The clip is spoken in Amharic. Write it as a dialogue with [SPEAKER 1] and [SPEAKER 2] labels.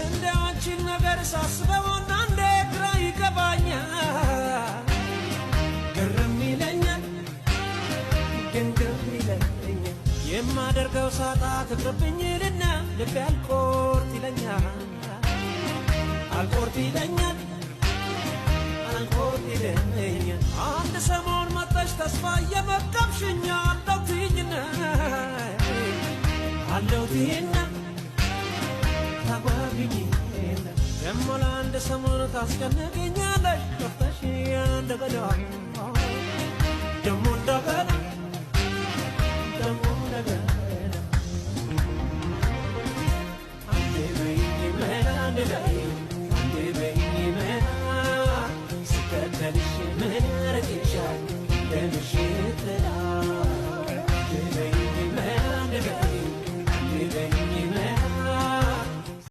[SPEAKER 1] እንደ አንቺን ነገር ሳስበውና እንደ ግራ ይገባኛል፣ ግርም ይለኛል፣ ድንግም ይለኛል። የማደርገው ሳጣ ትቅርብኝ ልና ልቤ አልቆርጥ ይለኛል፣ አልቆርጥ ይለኛል፣ አልቆርጥ ይለኛል። አንድ ሰሞን መጠሽ ተስፋ እየመቀብሽኛ አለው ትይኝና አለው ትይና ደግሞ ለአንድ ሰሞን ታስጨንቅኛለሽ ከፍተሽ እንደገና ደግሞ እንደገና ደግሞ
[SPEAKER 2] እንደገና